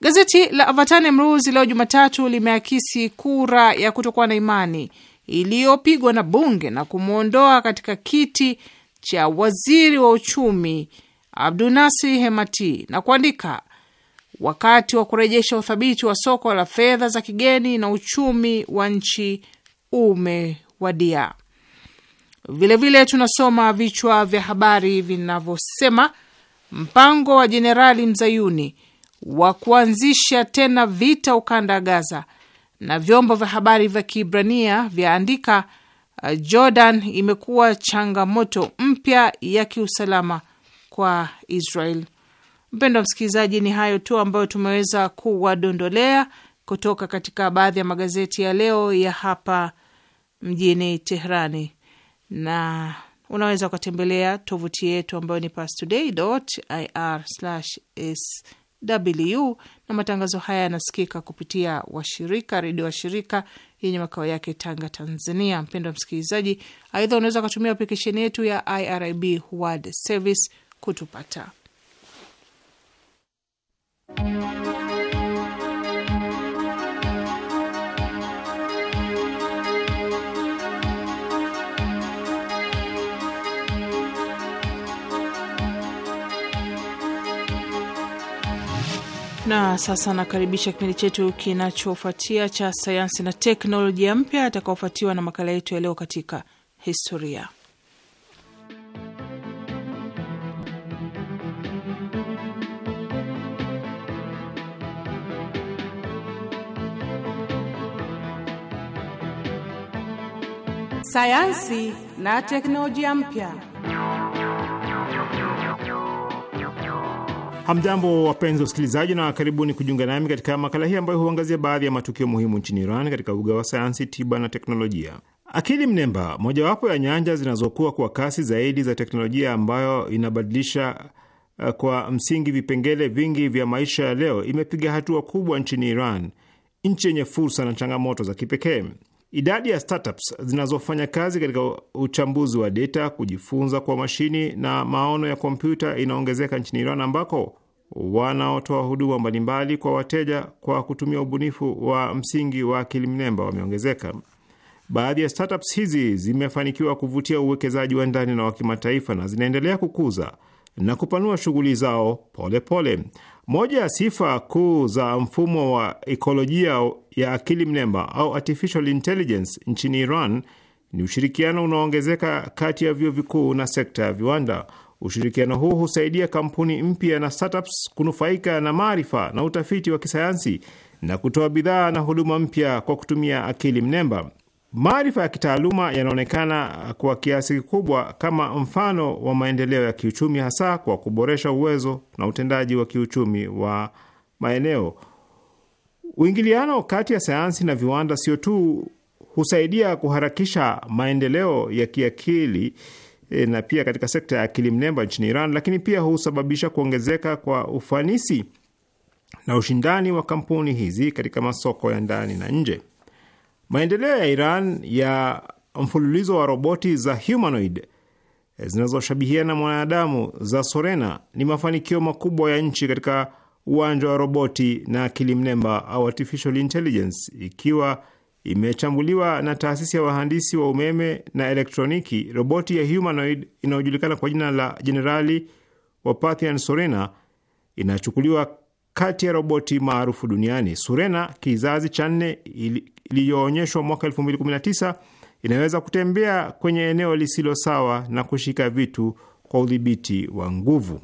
Speaker 5: Gazeti la Avatane Mruzi leo Jumatatu limeakisi kura ya kutokuwa na imani iliyopigwa na bunge na kumwondoa katika kiti cha waziri wa uchumi Abdunasi Hemati na kuandika, wakati wa kurejesha uthabiti wa soko la fedha za kigeni na uchumi wa nchi umewadia. Vilevile tunasoma vichwa vya habari vinavyosema mpango wa jenerali mzayuni wa kuanzisha tena vita ukanda Gaza na vyombo vya habari vya Kiibrania vyaandika, uh, Jordan imekuwa changamoto mpya ya kiusalama kwa Israel. Mpendwa msikilizaji, ni hayo tu ambayo tumeweza kuwadondolea kutoka katika baadhi ya magazeti ya leo ya hapa mjini tehrani na unaweza ukatembelea tovuti yetu ambayo ni pastoday.ir/s DW na matangazo haya yanasikika kupitia washirika redio washirika yenye makao yake Tanga, Tanzania. wa msikilizaji, aidha unaweza ukatumia aplikesheni yetu ya IRIB World Service kutupata Na sasa nakaribisha kipindi chetu kinachofuatia cha sayansi na teknolojia mpya, atakaofuatiwa na makala yetu ya leo katika historia. Sayansi na teknolojia mpya.
Speaker 6: Hamjambo, wapenzi wasikilizaji, na karibuni kujiunga nami katika makala hii ambayo huangazia baadhi ya matukio muhimu nchini Iran katika uga wa sayansi, tiba na teknolojia. Akili mnemba, mojawapo ya nyanja zinazokuwa kwa kasi zaidi za teknolojia, ambayo inabadilisha eh, kwa msingi vipengele vingi vya maisha ya leo, imepiga hatua kubwa nchini Iran, nchi yenye fursa na changamoto za kipekee. Idadi ya startups zinazofanya kazi katika uchambuzi wa data, kujifunza kwa mashini na maono ya kompyuta inaongezeka nchini Iran ambako wanaotoa huduma mbalimbali kwa wateja kwa kutumia ubunifu wa msingi wa akili mnemba wameongezeka. Baadhi ya startups hizi zimefanikiwa kuvutia uwekezaji wa ndani na wa kimataifa na zinaendelea kukuza na kupanua shughuli zao polepole pole. Moja ya sifa kuu za mfumo wa ikolojia ya akili mnemba au artificial intelligence nchini Iran ni ushirikiano unaoongezeka kati ya vyuo vikuu na sekta ya viwanda. Ushirikiano huu husaidia kampuni mpya na startups kunufaika na maarifa na utafiti wa kisayansi na kutoa bidhaa na huduma mpya kwa kutumia akili mnemba. Maarifa ya kitaaluma yanaonekana kwa kiasi kikubwa kama mfano wa maendeleo ya kiuchumi, hasa kwa kuboresha uwezo na utendaji wa kiuchumi wa maeneo. Uingiliano kati ya sayansi na viwanda sio tu husaidia kuharakisha maendeleo ya kiakili eh, na pia katika sekta ya akili mnemba nchini Iran, lakini pia husababisha kuongezeka kwa ufanisi na ushindani wa kampuni hizi katika masoko ya ndani na nje. Maendeleo ya Iran ya mfululizo wa roboti za humanoid eh, zinazoshabihiana mwanadamu za Sorena ni mafanikio makubwa ya nchi katika uwanja wa roboti na akili mnemba au artificial intelligence, ikiwa imechambuliwa na taasisi ya wahandisi wa umeme na elektroniki. Roboti ya humanoid inayojulikana kwa jina la Jenerali wa Parthian Sorena inachukuliwa kati ya roboti maarufu duniani. Surena, kizazi cha nne iliyoonyeshwa mwaka 2019 inaweza kutembea kwenye eneo lisilo sawa na kushika vitu kwa udhibiti wa nguvu.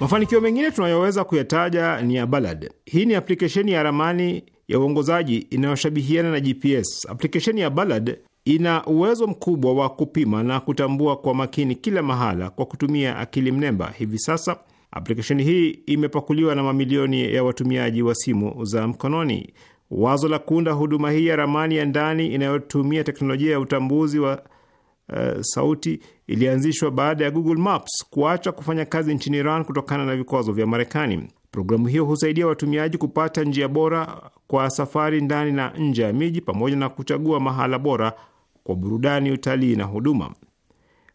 Speaker 6: Mafanikio mengine tunayoweza kuyataja ni ya Balad. Hii ni aplikesheni ya ramani ya uongozaji inayoshabihiana na GPS. Aplikesheni ya Balad ina uwezo mkubwa wa kupima na kutambua kwa makini kila mahala kwa kutumia akili mnemba. Hivi sasa aplikesheni hii imepakuliwa na mamilioni ya watumiaji wa simu za mkononi. Wazo la kuunda huduma hii ya ramani ya ndani inayotumia teknolojia ya utambuzi wa uh, sauti ilianzishwa baada ya Google Maps kuacha kufanya kazi nchini Iran kutokana na vikwazo vya Marekani. Programu hiyo husaidia watumiaji kupata njia bora kwa safari ndani na nje ya miji pamoja na kuchagua mahala bora kwa burudani, utalii na huduma.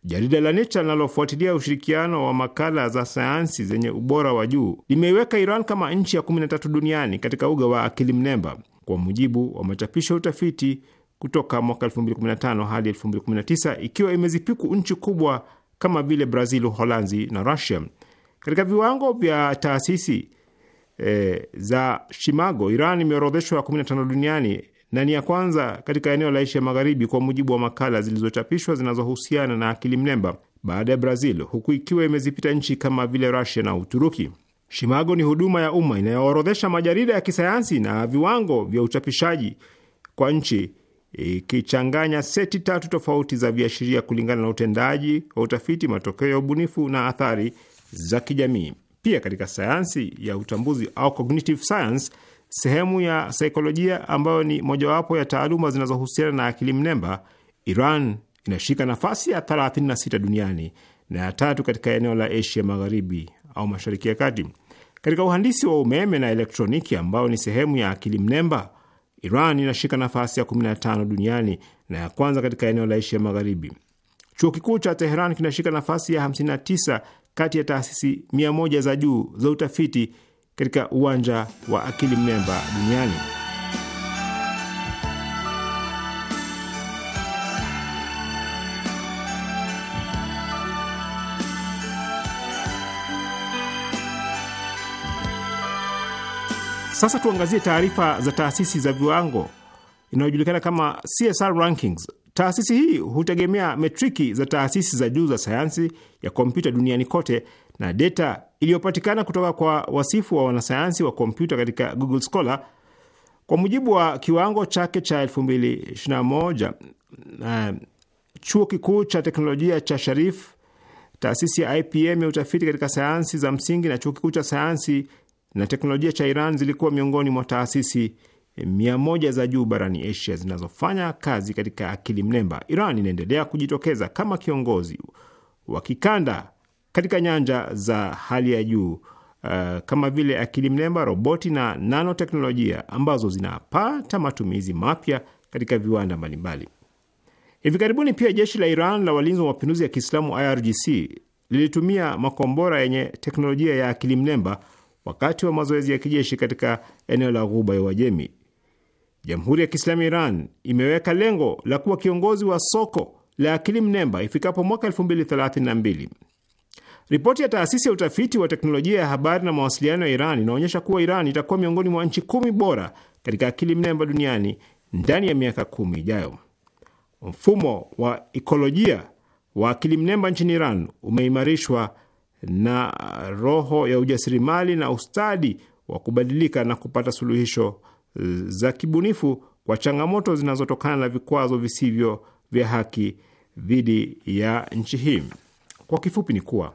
Speaker 6: Jarida la Nature linalofuatilia ushirikiano wa makala za sayansi zenye ubora wa juu limeiweka Iran kama nchi ya 13 duniani katika uga wa akili mnemba kwa mujibu wa machapisho ya utafiti kutoka mwaka 2015 hadi 2019, ikiwa imezipiku nchi kubwa kama vile Brazil, Uholanzi na Russia. Katika viwango vya taasisi e, za Shimago, Iran imeorodheshwa 15 duniani na ni ya kwanza katika eneo la Asia Magharibi kwa mujibu wa makala zilizochapishwa zinazohusiana na akili mnemba baada ya Brazil, huku ikiwa imezipita nchi kama vile Rusia na Uturuki. Shimago ni huduma ya umma inayoorodhesha majarida ya kisayansi na viwango vya uchapishaji kwa nchi, ikichanganya seti tatu tofauti za viashiria kulingana na utendaji wa utafiti, matokeo ya ubunifu na athari za kijamii. Pia katika sayansi ya utambuzi au cognitive science sehemu ya saikolojia ambayo ni mojawapo ya taaluma zinazohusiana na akili mnemba, Iran inashika nafasi ya 36 duniani na ya tatu katika eneo la Asia Magharibi au Mashariki ya Kati. Katika uhandisi wa umeme na elektroniki ambayo ni sehemu ya akili mnemba, Iran inashika nafasi ya 15 duniani na ya kwanza katika eneo la Asia Magharibi. Chuo kikuu cha Teheran kinashika nafasi ya 59 kati ya taasisi 100 za juu za utafiti katika uwanja wa akili mnemba duniani. Sasa tuangazie taarifa za taasisi za viwango inayojulikana kama CSR rankings. Taasisi hii hutegemea metriki za taasisi za juu za sayansi ya kompyuta duniani kote na data iliyopatikana kutoka kwa wasifu wa wanasayansi wa kompyuta katika Google Scholar kwa mujibu wa kiwango chake cha 2021 uh, chuo kikuu cha teknolojia cha Sharif, taasisi ya IPM ya utafiti katika sayansi za msingi na chuo kikuu cha sayansi na teknolojia cha Iran zilikuwa miongoni mwa taasisi mia moja za juu barani Asia zinazofanya kazi katika akili mnemba. Iran inaendelea kujitokeza kama kiongozi wa kikanda katika nyanja za hali ya juu uh, kama vile akili mnemba, roboti na nanoteknolojia ambazo zinapata matumizi mapya katika viwanda mbalimbali. Hivi karibuni pia jeshi la Iran la walinzi wa mapinduzi ya Kiislamu IRGC lilitumia makombora yenye teknolojia ya akili mnemba wakati wa mazoezi ya kijeshi katika eneo la Ghuba ya Uajemi. Jamhuri ya Kiislamu Iran imeweka lengo la kuwa kiongozi wa soko la akili mnemba ifikapo mwaka 2032. Ripoti ya taasisi ya utafiti wa teknolojia ya habari na mawasiliano ya Iran inaonyesha kuwa Iran itakuwa miongoni mwa nchi kumi bora katika akili mnemba duniani ndani ya miaka kumi ijayo. Mfumo wa ikolojia wa akili mnemba nchini Iran umeimarishwa na roho ya ujasiriamali na ustadi wa kubadilika na kupata suluhisho za kibunifu kwa changamoto zinazotokana na vikwazo visivyo vya haki dhidi ya nchi hii. Kwa kifupi ni kuwa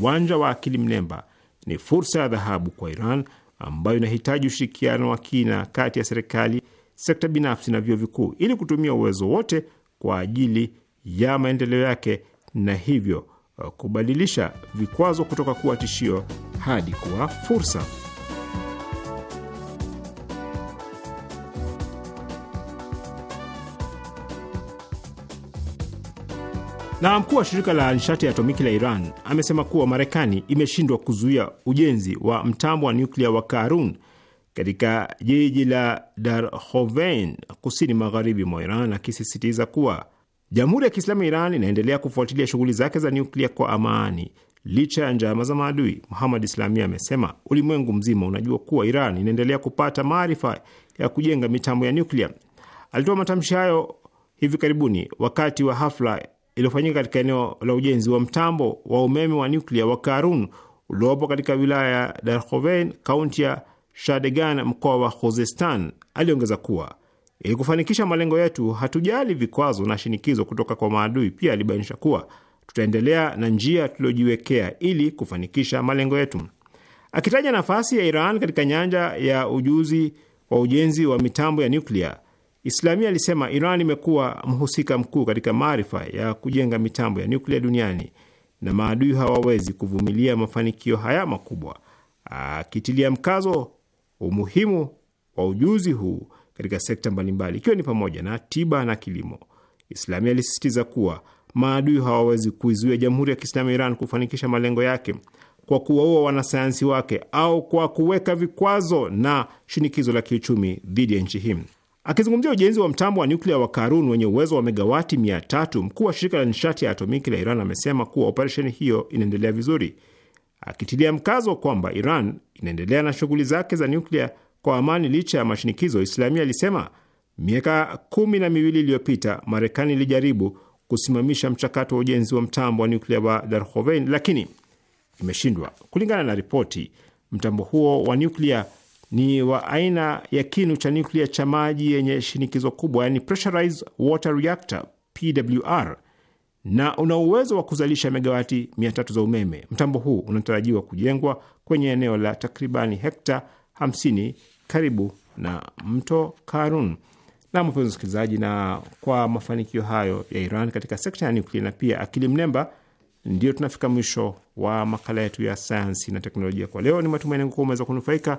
Speaker 6: Uwanja wa akili mnemba ni fursa ya dhahabu kwa Iran ambayo inahitaji ushirikiano wa kina kati ya serikali, sekta binafsi na vyuo vikuu ili kutumia uwezo wote kwa ajili ya maendeleo yake na hivyo kubadilisha vikwazo kutoka kuwa tishio hadi kuwa fursa. Na mkuu wa shirika la nishati ya atomiki la Iran amesema kuwa Marekani imeshindwa kuzuia ujenzi wa mtambo wa nyuklia wa Karun katika jiji la Darhovein kusini magharibi mwa Iran, akisisitiza kuwa Jamhuri ya Kiislamu ya Iran inaendelea kufuatilia shughuli zake za nyuklia kwa amani licha ya njama za maadui. Muhamad Islamia amesema ulimwengu mzima unajua kuwa Iran inaendelea kupata maarifa ya kujenga mitambo ya nyuklia. Alitoa matamshi hayo hivi karibuni wakati wa hafla iliyofanyika katika eneo la ujenzi wa mtambo wa umeme wa nyuklia wa Karun uliopo katika wilaya ya darhoven kaunti ya Shadegan, mkoa wa Khuzestan. Aliongeza kuwa ili kufanikisha malengo yetu, hatujali vikwazo na shinikizo kutoka kwa maadui. Pia alibainisha kuwa tutaendelea na njia tuliojiwekea ili kufanikisha malengo yetu, akitaja nafasi ya Iran katika nyanja ya ujuzi wa ujenzi wa mitambo ya nuklia Islamia alisema Iran imekuwa mhusika mkuu katika maarifa ya kujenga mitambo ya nyuklia duniani na maadui hawawezi kuvumilia mafanikio haya makubwa, akitilia mkazo umuhimu wa ujuzi huu katika sekta mbalimbali ikiwa ni pamoja na tiba na kilimo. Islamia alisisitiza kuwa maadui hawawezi kuizuia Jamhuri ya Kiislamu ya Iran kufanikisha malengo yake kwa kuwaua wanasayansi wake au kwa kuweka vikwazo na shinikizo la kiuchumi dhidi ya nchi hii. Akizungumzia ujenzi wa mtambo wa nyuklia wa Karun wenye uwezo wa megawati mia tatu, mkuu wa shirika la nishati ya atomiki la Iran amesema kuwa operesheni hiyo inaendelea vizuri, akitilia mkazo kwamba Iran inaendelea na shughuli zake za nyuklia kwa amani licha ya mashinikizo. Islamia alisema miaka kumi na miwili iliyopita Marekani ilijaribu kusimamisha mchakato wa ujenzi wa mtambo wa nyuklia wa Darhovein lakini imeshindwa. Kulingana na ripoti, mtambo huo wa nyuklia ni wa aina ya kinu cha nuklia cha maji yenye shinikizo kubwa, yani pressurized water reactor PWR, na una uwezo wa kuzalisha megawati 300 za umeme. Mtambo huu unatarajiwa kujengwa kwenye eneo la takribani hekta 50 karibu na mto Karun. Na mpenzi msikilizaji, na kwa mafanikio hayo ya Iran katika sekta ya nuklia na pia akili mnemba, ndio tunafika mwisho wa makala yetu ya sayansi na teknolojia kwa leo. Ni matumaini yangu kuwa umeweza kunufaika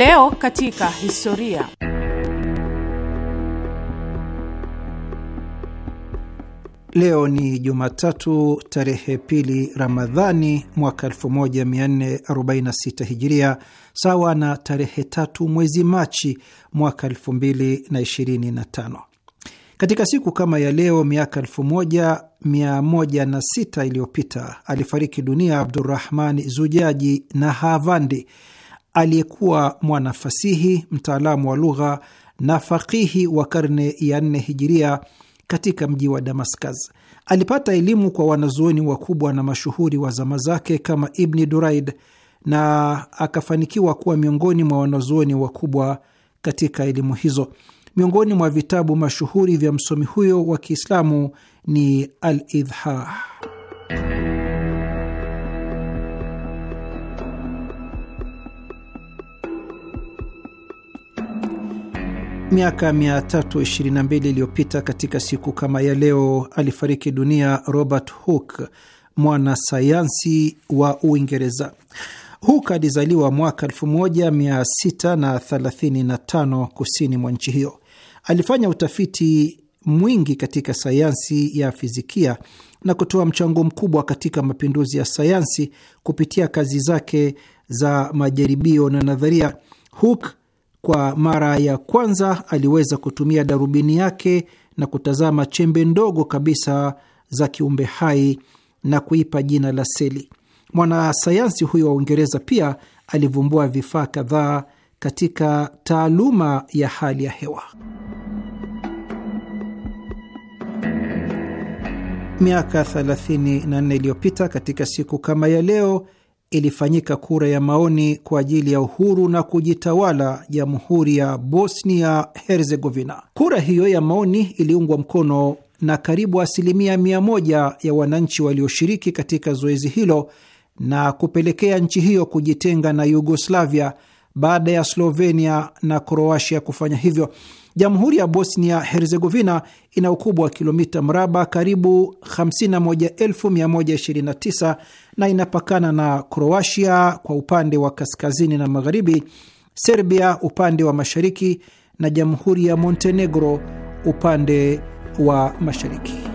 Speaker 5: Leo katika historia.
Speaker 4: Leo ni Jumatatu tarehe pili Ramadhani mwaka 1446 Hijiria, sawa na tarehe tatu mwezi Machi mwaka 2025. Katika siku kama ya leo miaka 16 iliyopita alifariki dunia abdurahmani Zujaji na Havandi, aliyekuwa mwanafasihi, mtaalamu wa lugha na fakihi wa karne ya nne hijiria katika mji wa Damascus. Alipata elimu kwa wanazuoni wakubwa na mashuhuri wa zama zake kama Ibni Duraid na akafanikiwa kuwa miongoni mwa wanazuoni wakubwa katika elimu hizo. Miongoni mwa vitabu mashuhuri vya msomi huyo wa Kiislamu ni Al-Idhah. Miaka 322 iliyopita katika siku kama ya leo alifariki dunia Robert Hooke, mwana sayansi wa Uingereza. Hooke alizaliwa mwaka 1635 kusini mwa nchi hiyo. Alifanya utafiti mwingi katika sayansi ya fizikia na kutoa mchango mkubwa katika mapinduzi ya sayansi kupitia kazi zake za majaribio na nadharia. Hooke kwa mara ya kwanza aliweza kutumia darubini yake na kutazama chembe ndogo kabisa za kiumbe hai na kuipa jina la seli. Mwanasayansi huyo wa Uingereza pia alivumbua vifaa kadhaa katika taaluma ya hali ya hewa. Miaka 34 iliyopita katika siku kama ya leo ilifanyika kura ya maoni kwa ajili ya uhuru na kujitawala jamhuri ya Bosnia Herzegovina. Kura hiyo ya maoni iliungwa mkono na karibu asilimia mia moja ya wananchi walioshiriki katika zoezi hilo na kupelekea nchi hiyo kujitenga na Yugoslavia baada ya Slovenia na Kroatia kufanya hivyo. Jamhuri ya Bosnia Herzegovina ina ukubwa wa kilomita mraba karibu 51129 na inapakana na Kroatia kwa upande wa kaskazini na magharibi, Serbia upande wa mashariki na jamhuri ya Montenegro upande wa mashariki.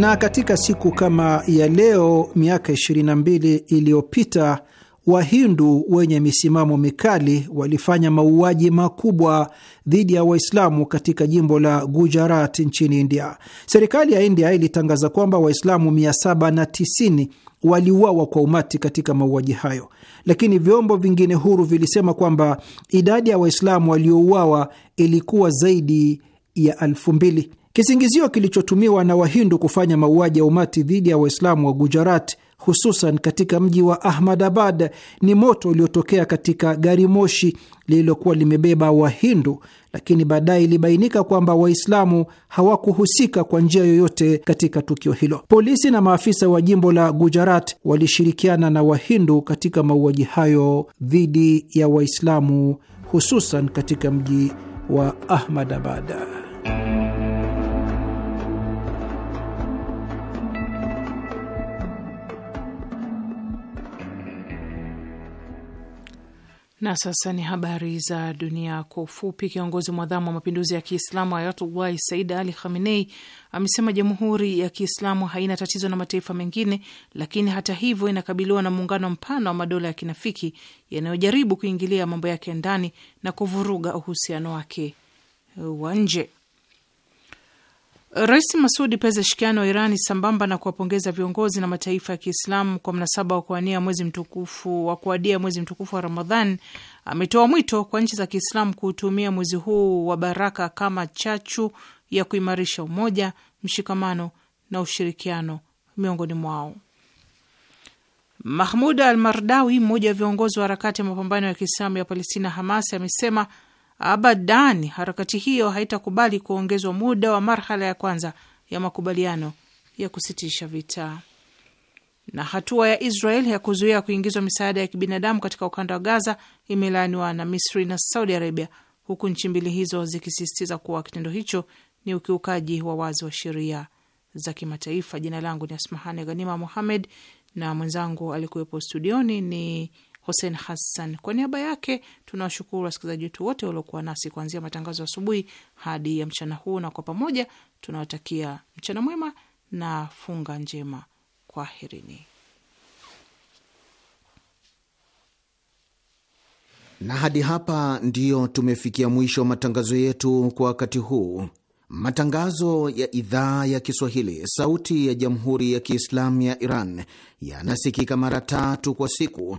Speaker 4: Na katika siku kama ya leo miaka 22 iliyopita Wahindu wenye misimamo mikali walifanya mauaji makubwa dhidi ya Waislamu katika jimbo la Gujarat nchini India. Serikali ya India ilitangaza kwamba Waislamu 790 waliuawa kwa umati katika mauaji hayo, lakini vyombo vingine huru vilisema kwamba idadi ya Waislamu waliouawa ilikuwa zaidi ya elfu mbili. Kisingizio kilichotumiwa na Wahindu kufanya mauaji ya umati dhidi ya Waislamu wa Gujarat, hususan katika mji wa Ahmadabad, ni moto uliotokea katika gari moshi lililokuwa limebeba Wahindu, lakini baadaye ilibainika kwamba Waislamu hawakuhusika kwa njia yoyote katika tukio hilo. Polisi na maafisa wa jimbo la Gujarat walishirikiana na Wahindu katika mauaji hayo dhidi ya Waislamu, hususan katika mji wa Ahmadabad.
Speaker 5: Na sasa ni habari za dunia kwa ufupi. Kiongozi mwadhamu wa mapinduzi ya Kiislamu Ayatullahi Said Ali Khamenei amesema jamhuri ya Kiislamu haina tatizo na mataifa mengine, lakini hata hivyo inakabiliwa na muungano mpana wa madola ya kinafiki yanayojaribu kuingilia mambo yake ndani na kuvuruga uhusiano wake wa nje. Rais Masudi Pezeshkian wa Irani, sambamba na kuwapongeza viongozi na mataifa ya Kiislamu kwa mnasaba wa kuania mwezi mtukufu wa kuadia mwezi mtukufu wa Ramadhan, ametoa mwito kwa nchi za Kiislamu kuutumia mwezi huu wa baraka kama chachu ya kuimarisha umoja, mshikamano na ushirikiano miongoni mwao. Mahmud Al Mardawi, mmoja wa viongozi wa harakati ya mapambano ya Kiislamu ya Palestina, Hamas, amesema Abadani, harakati hiyo haitakubali kuongezwa muda wa marhala ya kwanza ya makubaliano ya kusitisha vita. Na hatua ya Israel ya kuzuia kuingizwa misaada ya kibinadamu katika ukanda wa Gaza imelaaniwa na Misri na Saudi Arabia, huku nchi mbili hizo zikisisitiza kuwa kitendo hicho ni ukiukaji wa wazi wa sheria za kimataifa. Jina langu ni Asmahani Ghanima Muhammed na mwenzangu alikuwepo studioni ni Hussein Hassan. Kwa niaba yake tunawashukuru wasikilizaji wetu wote waliokuwa nasi kuanzia matangazo asubuhi hadi ya mchana huu, na kwa pamoja tunawatakia mchana mwema na funga njema. Kwaherini.
Speaker 7: Na hadi hapa ndiyo tumefikia mwisho wa matangazo yetu kwa wakati huu. Matangazo ya idhaa ya Kiswahili, sauti ya jamhuri ya kiislamu ya Iran yanasikika mara tatu kwa siku